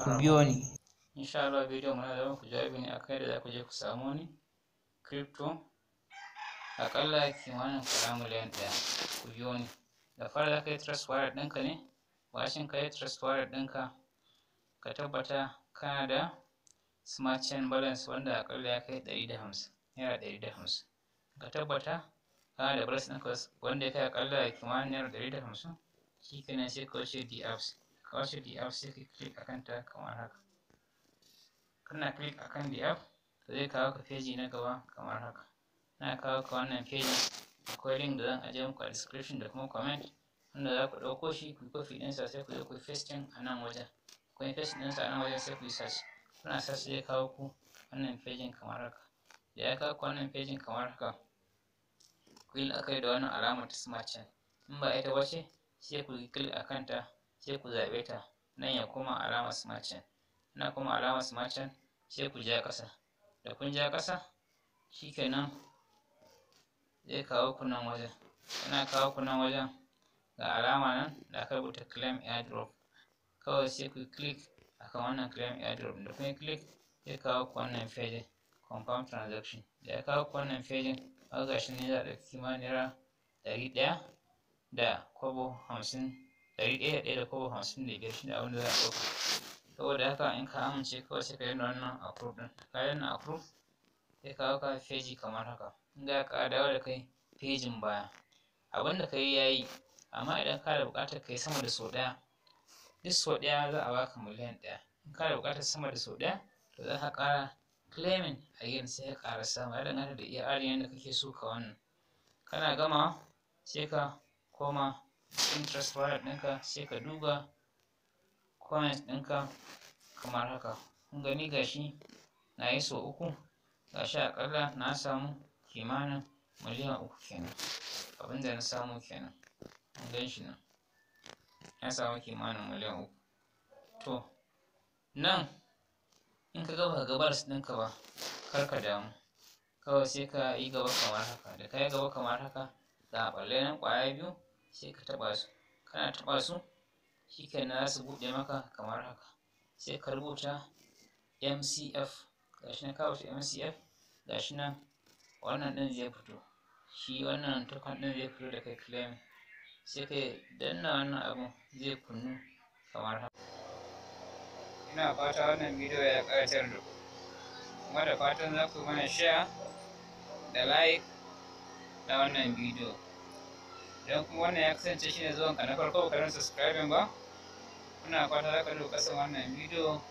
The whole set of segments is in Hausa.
ku biyo ni insha Allah bidiyon mu da ku jawabi ne akan da za ku je ku samu ni crypto akalla kimanin kuɗa miliyan ɗaya ku biyo ni da fara za ka yi trust wallet ɗinka ne washin kai trust wallet ɗinka ka tabbata kana da smart chain balance wanda akalla ya kai ɗari da hamsin naira ɗari da hamsin ka tabbata kana da balance ɗinka wanda ya kai akalla kimanin naira ɗari da hamsin shi kenan sai ka wuce the apps ka wace the app sai ka click akan ta kamar haka kana click akan the app to zai kawo ka feji na gaba kamar haka na kawo ka wannan feji akwai link da zan ajiye muku a description da kuma comment wanda za ku ɗauko shi ku yi kofi ɗinsa sai ku zo ku yi a nan wajen ku yi pasting ɗinsa a nan wajen sai ku yi search kuna search zai kawo ku wannan fejin kamar haka da ya kawo ku wannan fejin kamar haka ku yi la'akari da wannan alamar ta smart chain in ba ita ba ce sai ku yi click a kanta sai ku zaɓe ta nan ya koma alamar smart na kuma alamar smart sai ku ja ƙasa da kun ja ƙasa shi nan, zai kawo ku nan wajen yana kawo ku nan wajen ga alama nan da aka rubuta claim airdrop kawai sai ku click kan wannan claim airdrop da kun click zai kawo ku wannan fejin confirm transaction da ya kawo ku wannan a ga shi ne za a ɗauki kimanin naira ɗari ɗaya da kwabo hamsin ɗari ɗaya ɗaya da kowa hamsin da biyar ne abin da za a ɗauka saboda haka in ka amince kawai sai ka yi wannan approve ɗin ka yi wannan approve sai ka ɗauka feji kamar haka in ga ka dawo da kai fejin baya abin da ka yi ya yi amma idan ka da buƙatar ka yi sama da sau ɗaya duk sau ɗaya za a baka miliyan ɗaya in ka da buƙatar sama da sau ɗaya to za ka ƙara claiming again sai ka ƙara sama ya danganta da iya arin yadda kake so ka wannan kana gama sai ka koma interest wallet ɗinka sai ka duba coins ɗinka kamar haka kun gani gashi na yi sau uku gashi aƙalla na samu kimanin miliyan uku kenan abinda na samu kenan kun gan shi nan na samu kimanin miliyan uku to nan in ka gaba ka gabar ɗinka ba kar ka damu kawai sai ka yi gaba kamar haka da ka yi gaba kamar haka a ɓalle nan ƙwaya biyu sai ka taɓa su kana taɓa su shikenan za su buɗe maka kamar haka sai ka rubuta mcf gashi na kawo rubuta mcf gashi na wannan ɗin zai fito shi wannan tukwan ɗin zai fito da kai claim sai ka danna wannan abu zai kunnu kamar haka ina fata wannan bidiyo ya ƙayatar da ku kuma da fatan za ku mana share da like na wannan bidiyo idan kuma wannan ya kasance shi ne zuwanka na farko ka subscribe ba kuna fata za ka duka kasan wannan bidiyo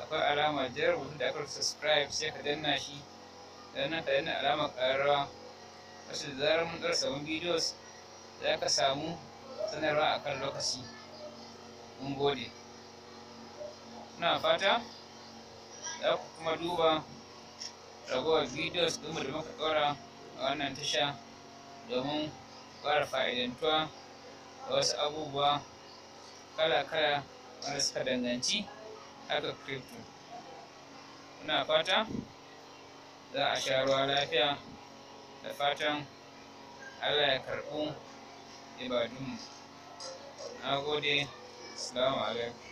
akwai alama jar rubutu da aka subscribe sai ka danna shi dan nan ka danna alama ƙararrawa wasu da zarar mun ɗora sabon videos za ka samu sanarwa a kan lokaci mun gode kuna fata za ku kuma duba ragowar bidiyos ɗinmu da muka ɗora a wannan tasha domin ƙara fa'idantuwa da wasu abubuwa kala-kala wanda suka danganci haka crypto muna fata za a sha ruwa lafiya da fatan allah ya karɓu ibadunmu na gode salamu alaikum